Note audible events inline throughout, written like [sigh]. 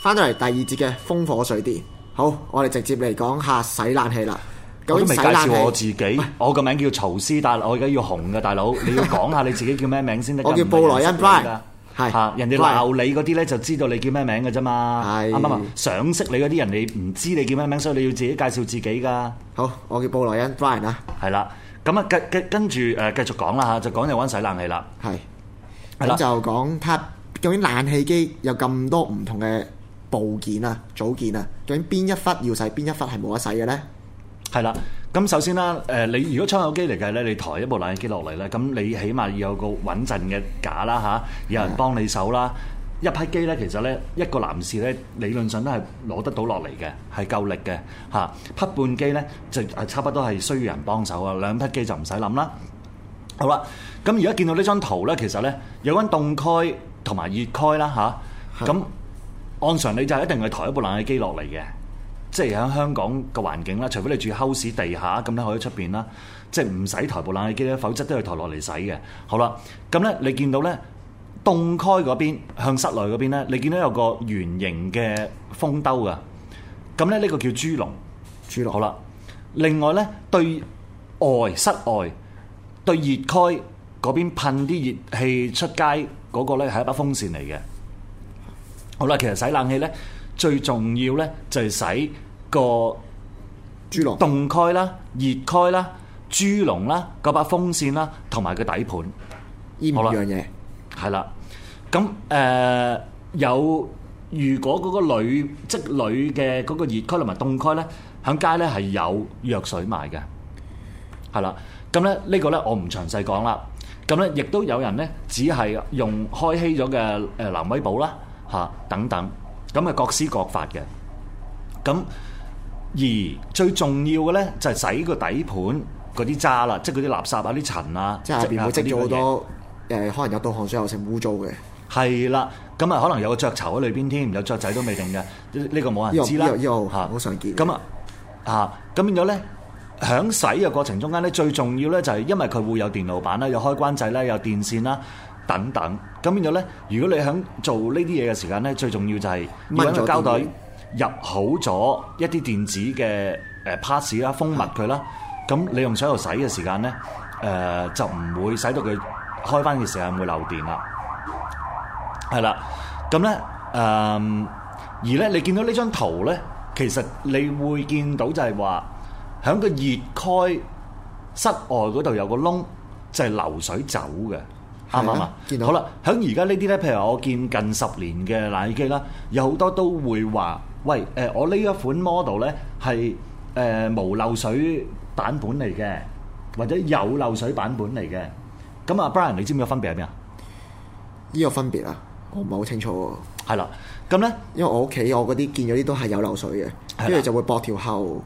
翻到嚟第二節嘅風火水電，好，我哋直接嚟講下洗冷氣啦。我都未介紹我自己，我個名叫曹撕達，但我而家要紅嘅大佬，你要講下你自己叫咩名先得。 [laughs] 我叫布萊恩 b r 布萊，係，人哋鬧你嗰啲咧，就知道你叫咩名㗎啫嘛。係，啱啱想相識你嗰啲人，你唔知你叫咩名，所以你要自己介紹自己噶。好，我叫布萊恩 b 布萊啊。係啦，咁啊，跟跟跟住誒，繼、呃、續講啦吓，就講你搵洗冷氣啦。係，咁就講，究竟冷氣機有咁多唔同嘅。部件啊，組件啊，究竟邊一忽要洗，邊一忽係冇得洗嘅咧？係啦，咁首先啦，誒，你如果窗口機嚟嘅咧，你抬一部冷氣機落嚟咧，咁你起碼要有個穩陣嘅架啦嚇，有人幫你手啦。一匹機咧，其實咧一個男士咧理論上都係攞得到落嚟嘅，係夠力嘅嚇。匹半機咧，就係差唔多係需要人幫手啊。兩匹機就唔使諗啦。好啦，咁而家見到呢張圖咧，其實咧有溫凍區同埋熱區啦嚇，咁。按常理就是一定係抬一部冷氣機落嚟嘅，即係喺香港嘅環境啦。除非你住 h o l 地下咁咧，可以出邊啦，即係唔使抬部冷氣機咧，否則都要抬落嚟洗嘅。好啦，咁咧你見到咧，凍區嗰邊向室內嗰邊咧，你見到有個圓形嘅風兜噶，咁咧呢、這個叫豬籠。豬籠好啦，另外咧對外室外對熱區嗰邊噴啲熱氣出街嗰、那個咧係一把風扇嚟嘅。好啦，其實洗冷氣咧，最重要咧就係洗個豬籠、凍蓋啦、熱蓋啦、豬籠啦、嗰把風扇啦，同埋個底盤。好啦，樣嘢係啦。咁誒有，如果嗰個鋁即鋁嘅嗰個熱蓋同埋凍蓋咧，喺街咧係有藥水賣嘅。係啦，咁咧呢個咧我唔詳細講啦。咁咧亦都有人咧，只係用開稀咗嘅誒藍威寶啦。嚇等等，咁啊各施各法嘅，咁而最重要嘅咧就係洗個底盤嗰啲渣啦，即係嗰啲垃圾啊、啲塵啊，即係入邊會積咗好多誒，可能入到殼之後成污糟嘅。係啦，咁啊可能有個雀巢喺裏邊添，有雀仔都未定嘅，呢個冇人知啦。一月一好常見。咁啊嚇，咁變咗咧，喺洗嘅過程中間咧，最重要咧就係因為佢會有電路板啦，有開關仔啦，有電線啦。等等，咁變咗咧。如果你喺做呢啲嘢嘅時間咧，最重要就係掹咗膠袋，入好咗一啲電子嘅誒 pass 啦，封密佢啦。咁你用水度洗嘅時間咧，誒就唔會使到佢開翻嘅時間會漏電啦。係啦，咁咧誒，而咧你見到呢張圖咧，其實你會見到就係話喺個熱開室外嗰度有個窿，就係流水走嘅。啱唔啱？好啦，喺而家呢啲咧，譬如我見近十年嘅冷氣機啦，有好多都會話：喂，誒我呢一款 model 咧係誒無漏水版本嚟嘅，或者有漏水版本嚟嘅。咁阿 Brian，你知唔知個分別係咩啊？依、呢個分別啊、哦，我唔係好清楚喎。係啦，咁咧，因為我屋企我嗰啲見咗啲都係有漏水嘅，跟住就會駁條後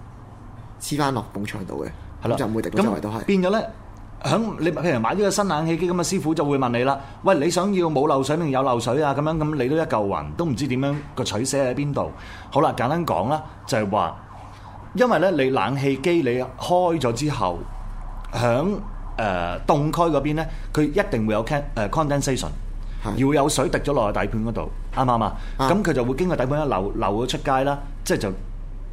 黐翻落牆度嘅，咁就每隻都係。咁變咗咧？響你譬如買呢個新冷氣機，咁嘅師傅就會問你啦，喂，你想要冇漏水定有漏水啊？咁樣，咁你都一嚿雲，都唔知點樣個取捨喺邊度？好啦，簡單講啦，就係話，因為咧你冷氣機你開咗之後，響誒凍區嗰邊咧，佢一定會有 can 誒 condensation，而會有水滴咗落去個底盤嗰度，啱唔啱啊？咁佢就會經過底盤一流流咗出街啦，即係就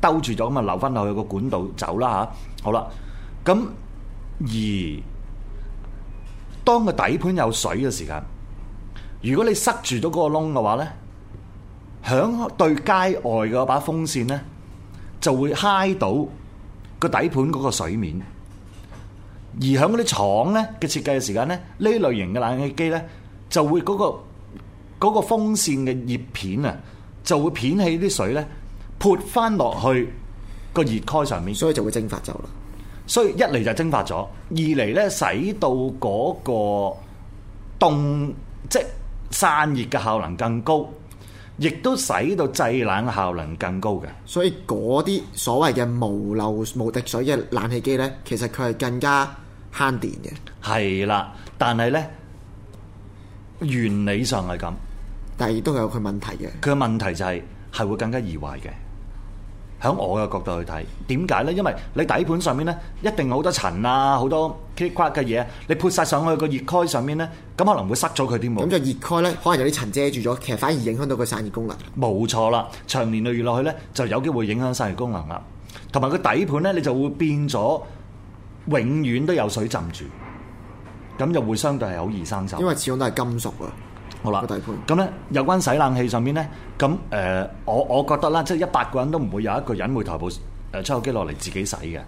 兜住咗咁啊，流翻落去個管道走啦嚇。好啦，咁而當個底盤有水嘅時間，如果你塞住咗嗰個窿嘅話咧，響對街外嘅把風扇咧，就會嗨到個底盤嗰個水面，而響嗰啲廠咧嘅設計嘅時間咧，呢類型嘅冷氣機咧就會嗰個嗰個風扇嘅葉片啊，就會片起啲水咧，潑翻落去個熱蓋上面，所以就會蒸發咗啦。所以一嚟就係蒸發咗，二嚟咧使到嗰個凍即散熱嘅效能更高，亦都使到製冷嘅效能更高嘅。所以嗰啲所謂嘅無漏無滴水嘅冷氣機咧，其實佢係更加慳電嘅。係啦，但係咧原理上係咁，但係亦都有佢問題嘅。佢嘅問題就係係會更加易壞嘅。喺我嘅角度去睇，點解咧？因為你底盤上面咧，一定好多塵啊，好多黐骨嘅嘢，你潑晒上去個熱蓋上面咧，咁可能會塞咗佢啲毛。咁就熱蓋咧，可能有啲塵遮住咗，其實反而影響到個散熱功能。冇錯啦，長年累月落去咧，就有機會影響散熱功能啦。同埋個底盤咧，你就會變咗，永遠都有水浸住，咁就會相對係好易生鏽。因為始終都係金屬啊。好啦，咁咧有關洗冷氣上邊咧，咁誒我我覺得咧，即係一百個人都唔會有一個人會台部誒窗口機落嚟自己洗嘅，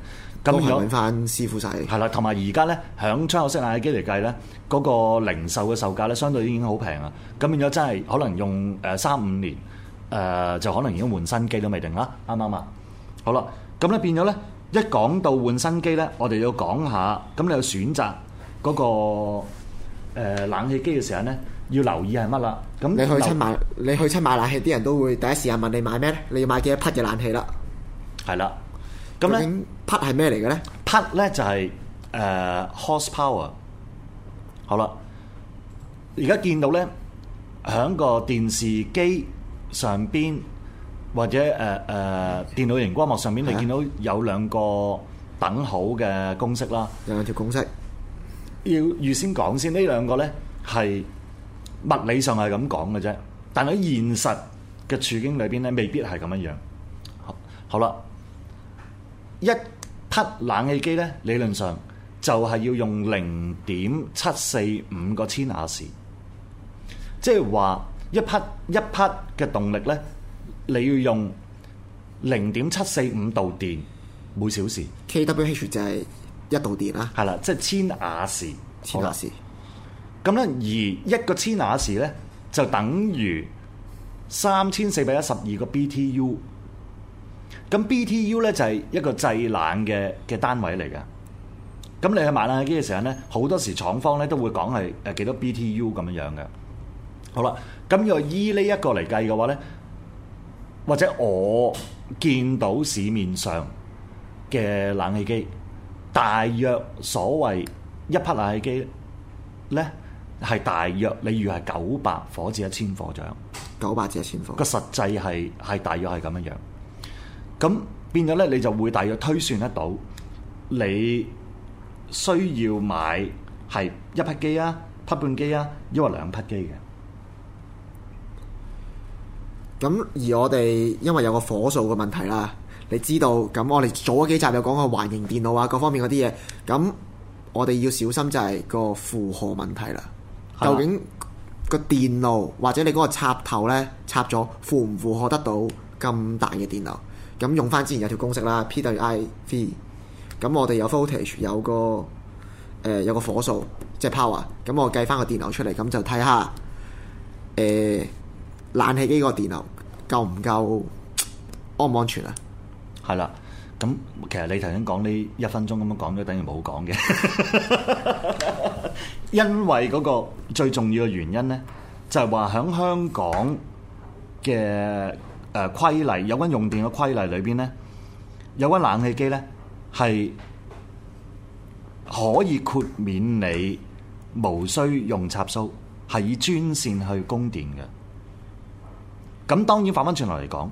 咁變咗揾翻師傅洗係啦。同埋而家咧，響窗口式冷氣機嚟計咧，嗰個零售嘅售價咧，相對已經好平啊。咁變咗真係可能用誒三五年誒，就可能已經換新機都未定啦，啱唔啱啊？好啦，咁咧變咗咧，一講到換新機咧，我哋要講下咁你要選擇嗰個誒冷氣機嘅時候咧。要留意係乜啦？咁你去親買，你去親買冷氣，啲人都會第一時間問你買咩咧？你要買幾多匹嘅冷氣啦？係啦。咁咧匹係咩嚟嘅咧？匹咧就係誒 horsepower。好啦，而家見到咧，喺個電視機上邊或者誒誒電腦熒光幕上邊，你見到有兩個等號嘅公式啦。有兩條公式。要預先講先，呢兩個咧係。物理上係咁講嘅啫，但喺現實嘅處境裏邊咧，未必係咁樣樣。好啦，一匹冷氣機咧，理論上就係要用零點七四五個千瓦時，即係話一匹一匹嘅動力咧，你要用零點七四五度電每小時。kwh 就係一度電啦，啊。係啦，即係千瓦時，千瓦時。咁咧，而一個千瓦時咧，就等於三千四百一十二個 BTU。咁 BTU 咧就係一個製冷嘅嘅單位嚟嘅。咁你去買冷氣機嘅時候咧，好多時廠方咧都會講係誒幾多 BTU 咁樣樣嘅。好啦，咁要依呢一個嚟計嘅話咧，或者我見到市面上嘅冷氣機大約所謂一匹冷氣機咧。係大約，例如係九百火至一千火獎，九百至一千火個實際係係大約係咁樣樣。咁變咗咧，你就會大約推算得到你需要買係一匹機啊，匹半機啊，抑或兩匹機嘅。咁而我哋因為有個火數嘅問題啦，你知道咁我哋早幾集有講過環形電腦啊，各方面嗰啲嘢，咁我哋要小心就係個負荷問題啦。究竟個電路或者你嗰個插頭呢，插咗符唔符合得到咁大嘅電流？咁用翻之前有條公式啦，P 等於 I V。咁我哋有 voltage，有個、呃、有個火數，即係 power。咁我計翻個電流出嚟，咁就睇下誒冷氣機個電流夠唔夠安唔安全啊？係啦。咁其實你頭先講呢一分鐘咁樣講咗，等於冇講嘅，因為嗰個最重要嘅原因呢，就係話喺香港嘅誒規例，有關用電嘅規例裏邊呢，有關冷氣機呢，係可以豁免你無需用插蘇，係以專線去供電嘅。咁當然反翻轉頭嚟講。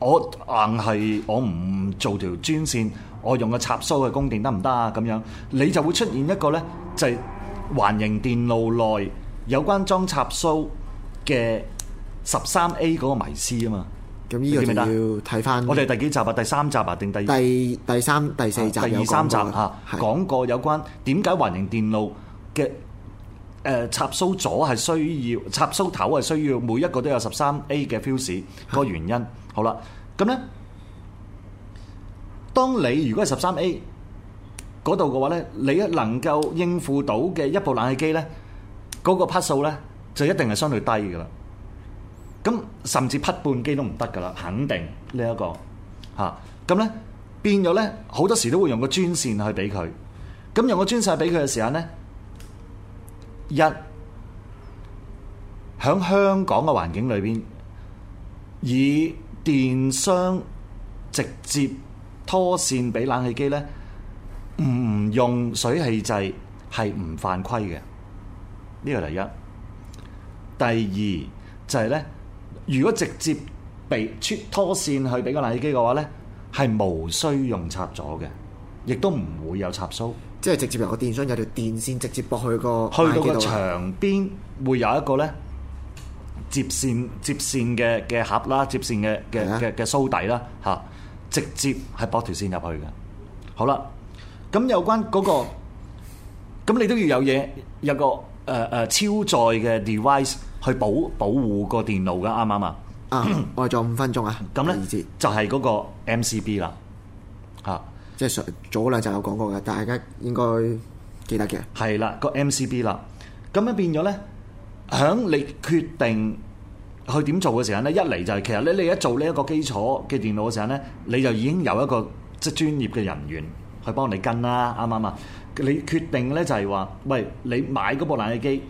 我硬係我唔做條專線，我用個插蘇去供電得唔得啊？咁樣你就會出現一個呢，就係環形電路內有關裝插蘇嘅十三 A 嗰個迷思啊嘛。咁呢個要睇返。我哋第幾集啊？第三集啊？定第第第三第四集？第二三集啊？講過有關點解環形電路嘅。誒、呃、插蘇咗係需要，插蘇頭係需要，每一個都有十三 A 嘅 fuse 個原因。 [laughs] 好啦，咁咧，當你如果係十三 A 嗰度嘅話咧，你能夠應付到嘅一部冷氣機咧，嗰、那個匹數咧就一定係相對低噶啦。咁甚至匹半機都唔得噶啦，肯定、這個啊、呢一個嚇。咁咧變咗咧，好多時都會用個專線去俾佢。咁用個專線俾佢嘅時間咧。一喺香港嘅環境裏邊，以電商直接拖線俾冷氣機呢，唔用水氣製係唔犯規嘅。呢個第一。第二就係呢，如果直接被出拖線去俾個冷氣機嘅話呢，係無需用插座嘅，亦都唔會有插蘇。即係直接由個電箱有條電線直接，接駁去個，去到個牆邊會有一個咧接線接線嘅嘅盒啦，接線嘅嘅嘅嘅蘇底啦，嚇直接係駁條線入去嘅。好啦，咁有關嗰、那個咁你都要有嘢有一個誒誒、呃、超載嘅 device 去保保護個電腦嘅啱唔啱啊？啊，我哋仲有五分鐘啊，咁 [laughs] 咧就係、是、嗰個 MCB 啦。即係早兩集有講過嘅，大家應該記得嘅。係、那、啦、個，個 M C B 啦，咁樣變咗咧，響你決定去點做嘅時候咧，一嚟就係其實咧，你一做呢一個基礎嘅電腦嘅時候咧，你就已經有一個即係專業嘅人員去幫你跟啦、啊，啱唔啱啊？你決定咧就係話，喂，你買嗰部冷氣機，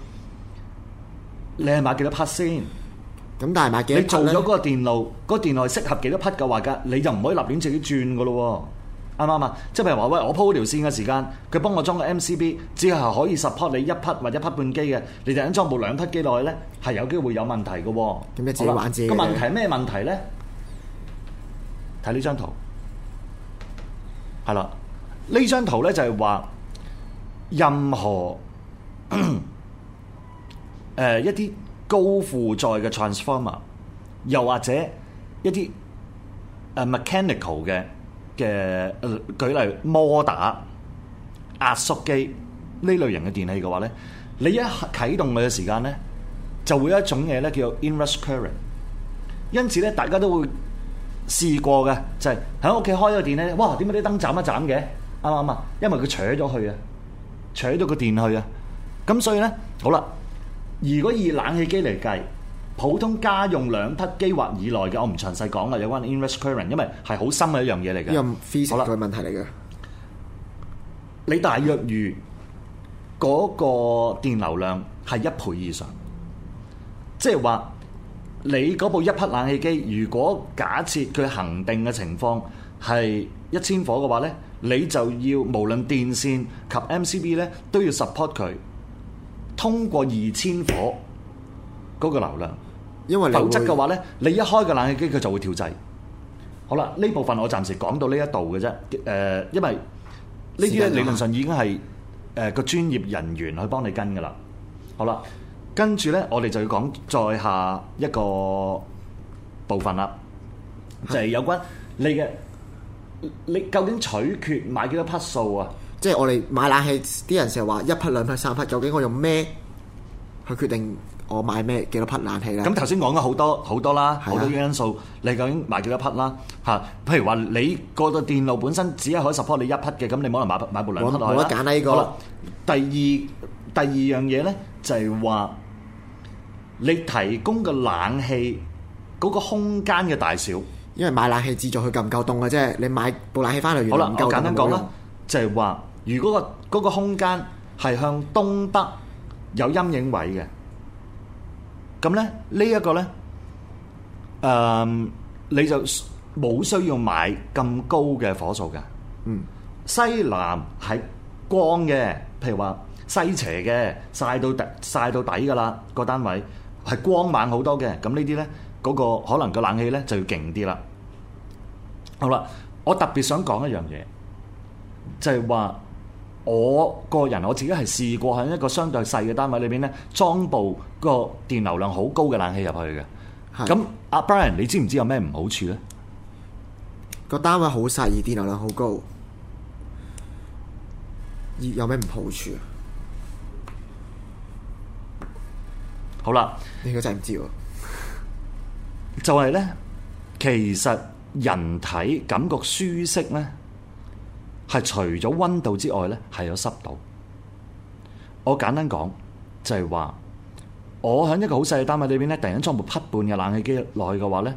你係買幾多匹先？咁但係買幾多？你做咗嗰個電路，嗰、那個、電路係適合幾多匹嘅話，噶你就唔可以立亂自己轉嘅咯喎。啱唔啱啊？即係譬如話喂，我鋪嗰條線嘅時間，佢幫我裝個 MCB，只係可以 support 你一匹或一匹半機嘅。你突然間裝部兩匹機落去咧，係有機會有問題嘅。點樣治患者？個問題係咩問題咧？睇呢張圖，係啦，呢張圖咧就係話任何誒、呃、一啲高負載嘅 transformer，又或者一啲誒、啊、mechanical 嘅。嘅舉例，摩打壓縮機呢類型嘅電器嘅話咧，你一啟動嘅時間咧，就會有一種嘢咧叫做 inrush current，因此咧大家都會試過嘅，就係喺屋企開個電咧，哇點解啲燈斬一斬嘅，啱唔啱啊？因為佢扯咗去啊，扯咗個電去啊，咁所以咧好啦，如果以冷氣機嚟計。普通家用兩匹機或以內嘅，我唔詳細講啦。有關 inrush current，因為係好深嘅一樣嘢嚟嘅。好啦，問題嚟嘅。你大約預嗰個電流量係一倍以上，即係話你嗰部一匹冷氣機，如果假設佢恆定嘅情況係一千火嘅話咧，你就要無論電線及 MCB 咧，都要 support 佢通過二千火嗰個流量。因為否則嘅話咧，你一開個冷氣機，佢就會跳制。好啦，呢部分我暫時講到呢一度嘅啫。誒、呃，因為呢啲咧理論上已經係誒個專業人員去幫你跟噶啦。好啦，跟住咧，我哋就要講再下一個部分啦，就係、是、有關你嘅你究竟取決買幾多匹數啊？即係我哋買冷氣，啲人成日話一匹、兩匹、三匹，究竟我用咩去決定？我買咩幾多匹冷氣咧？咁頭先講咗好多好多啦，好多因素。你究竟買幾多匹啦？嚇，譬如話你個個電路本身只係可以 support 你一匹嘅，咁你冇可能買買部兩匹落去啦。冇得揀呢個。好啦，第二第二樣嘢咧就係話，你提供個冷氣嗰個空間嘅大小。因為買冷氣主要佢夠唔夠凍嘅啫。你買部冷氣翻嚟越嚟越唔夠凍。好啦，我簡單講啦，就係話，如果個嗰個空間係向東北有陰影位嘅。咁咧呢一個咧，誒、嗯、你就冇需要買咁高嘅火數嘅。嗯，西南係光嘅，譬如話西斜嘅，曬到底曬到底噶啦，個單位係光猛好多嘅。咁呢啲咧，嗰、那個可能個冷氣咧就要勁啲啦。好啦，我特別想講一樣嘢，就係話。我個人我自己係試過喺一個相對細嘅單位裏邊咧裝部個電流量好高嘅冷氣入去嘅，咁阿 Brian 你知唔知有咩唔好處咧？個單位好細，電流量好高，熱有咩唔好處啊？好啦，你應該真係唔知喎，就係咧，其實人體感覺舒適咧。係除咗温度之外咧，係有濕度。我簡單講就係話，我喺一個好細嘅單位裏面，咧，突然間裝部匹半嘅冷氣機落去嘅話咧，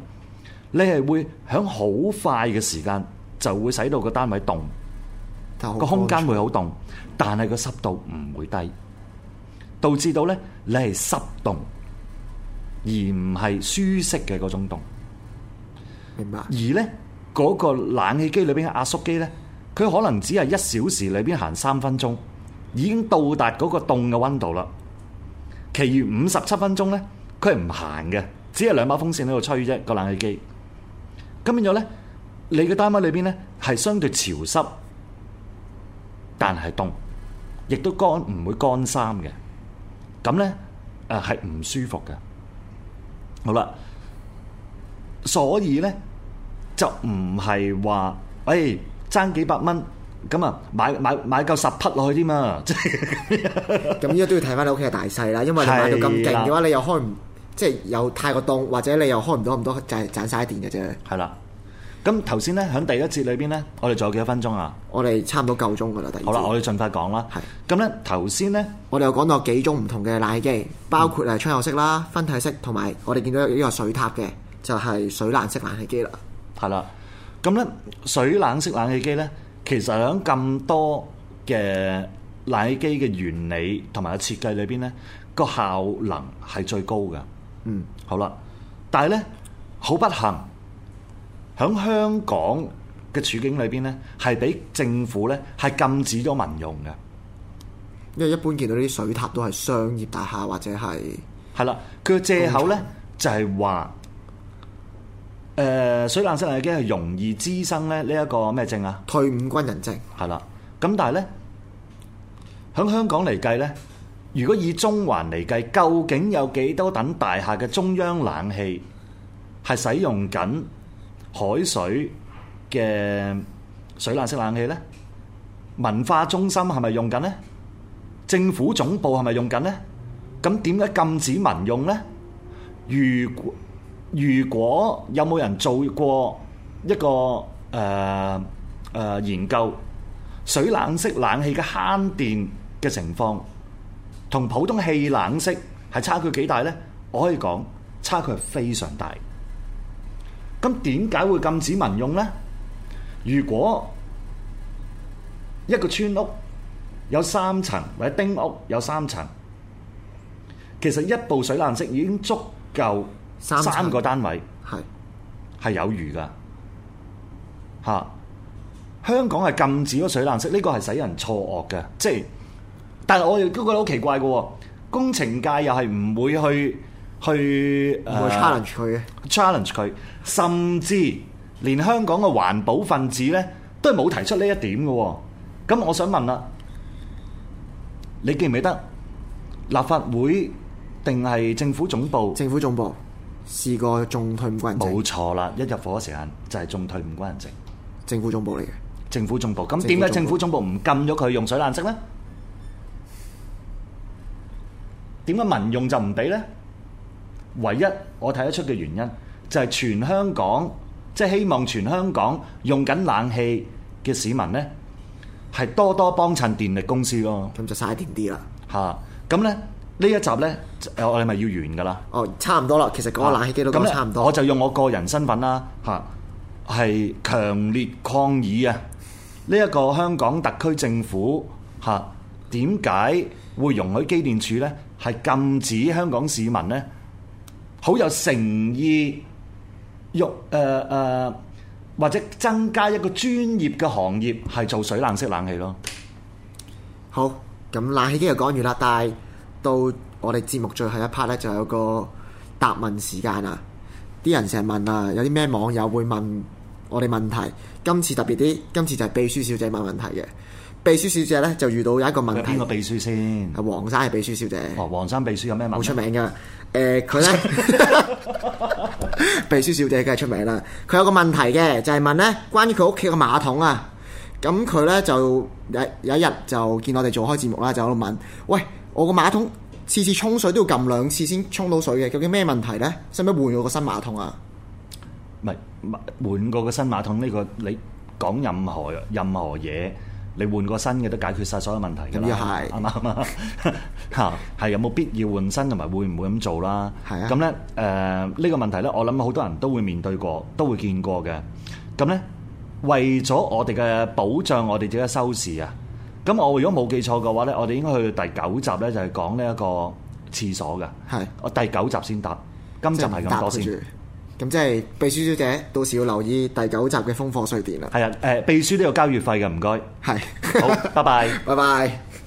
你係會響好快嘅時間就會使到個單位凍，個空間會好凍，但係個濕度唔會低，導致到咧你係濕凍，而唔係舒適嘅嗰種凍。明白。而咧嗰個冷氣機裏邊嘅壓縮機咧。佢可能只係一小時裏邊行三分鐘，已經到達嗰個凍嘅温度啦。其餘五十七分鐘咧，佢係唔行嘅，只係兩把風扇喺度吹啫，個冷氣機。咁變咗咧，你嘅單位裏邊咧係相對潮濕，但係凍，亦都乾唔會乾衫嘅。咁咧，誒係唔舒服嘅。好啦，所以咧就唔係話誒。爭幾百蚊咁啊，買買買夠十匹落去啲嘛？咁依家都要睇翻你屋企嘅大細啦。因為你買到咁勁嘅話，為你又開唔即係有太過凍，或者你又開唔到咁多，就係盞晒電嘅啫。係啦。咁頭先咧，喺第一節裏邊咧，我哋仲有幾多分鐘啊？我哋差唔多夠鐘噶啦，第二。好啦，我哋盡快講啦。係。咁咧，頭先咧，我哋又講到幾種唔同嘅冷氣機，嗯、包括係窗口式啦、分體式，同埋我哋見到呢個水塔嘅，就係、是、水冷式冷氣機啦。係啦。咁咧，水冷式冷氣機咧，其實喺咁多嘅冷氣機嘅原理同埋個設計裏邊咧，個效能係最高㗎。嗯，好啦，但係咧，好不幸，喺香港嘅處境裏邊咧，係俾政府咧係禁止咗民用嘅。因為一般見到啲水塔都係商業大廈或者係，係啦，佢嘅借口咧就係話。誒，水冷式冷機係容易滋生咧呢一個咩症啊？退伍軍人症係啦。咁但係咧，喺香港嚟計咧，如果以中環嚟計，究竟有幾多棟大廈嘅中央冷氣係使用緊海水嘅水冷式冷氣咧？文化中心係咪用緊咧？政府總部係咪用緊咧？咁點解禁止民用咧？如果如果有冇人做過一個誒誒研究，水冷式冷氣嘅慳電嘅情況，同普通氣冷式係差距幾大呢？我可以講差距係非常大。咁點解會禁止民用呢？如果一個村屋有三層或者丁屋有三層，其實一部水冷式已經足夠。三個單位係係有餘噶嚇，香港係禁止咗水冷式，呢個係使人錯愕嘅。即係，但係我亦都覺得好奇怪嘅。工程界又係唔會去去 challenge 佢嘅，challenge 佢，甚至連香港嘅環保分子咧都係冇提出呢一點嘅。咁我想問啦，你記唔記得立法會定係政府總部？政府總部。試過仲退唔關人證？冇錯啦，一入伙嗰時間就係仲退唔關人證。政府總部嚟嘅，政府總部。咁點解政府總部唔禁咗佢用水冷式咧？點解民用就唔俾咧？唯一我睇得出嘅原因就係全香港，即係希望全香港用緊冷氣嘅市民咧，係多多幫襯電力公司咯。咁就嘥電啲啦。嚇，咁咧。呢一集呢，我哋咪要完噶啦。哦，差唔多啦。其實講冷氣機都咁差唔多，啊。我就用我個人身份啦，吓，啊，係強烈抗議啊！呢，這，一個香港特區政府吓，點，啊、解會容許機電處呢？係禁止香港市民呢，好有誠意，欲誒誒，或者增加一個專業嘅行業，係做水冷式冷氣咯。好，咁冷氣機就講完啦，但係。到我哋節目最後一 part 咧，就有個答問時間啊！啲人成日問啊，有啲咩網友會問我哋問題？今次特別啲，今次就係秘書小姐問問題嘅。秘書小姐呢，就遇到有一個問題。邊個秘書王先？黃生係秘書小姐。哦，黃生秘書有咩好出名嘅？誒、呃，佢呢， [laughs] [laughs] 秘書小姐梗係出名啦。佢有個問題嘅，就係、是、問呢，關於佢屋企個馬桶啊。咁佢呢，就有有一日就見我哋做開節目啦，就喺度問喂。我個馬桶次次沖水都要撳兩次先沖到水嘅，究竟咩問題呢？使唔使換個新馬桶啊？唔係換換個個新馬桶呢個你講任何任何嘢，你換個新嘅都解決晒所有問題㗎啦，啱唔啱？係 [laughs] [laughs] 有冇必要換新同埋會唔會咁做啦？係啊。咁咧誒呢個問題咧，我諗好多人都會面對過，都會見過嘅。咁咧為咗我哋嘅保障，我哋自己嘅收視啊。咁我如果冇記錯嘅話呢，我哋應該去第九集呢，就係講呢一個廁所嘅，係我第九集先答，今集係咁多先，咁即係秘書小姐到時要留意第九集嘅風火水電啦。係啊，誒秘書都要交月費嘅，唔該，係好，拜 [laughs] 拜，拜拜。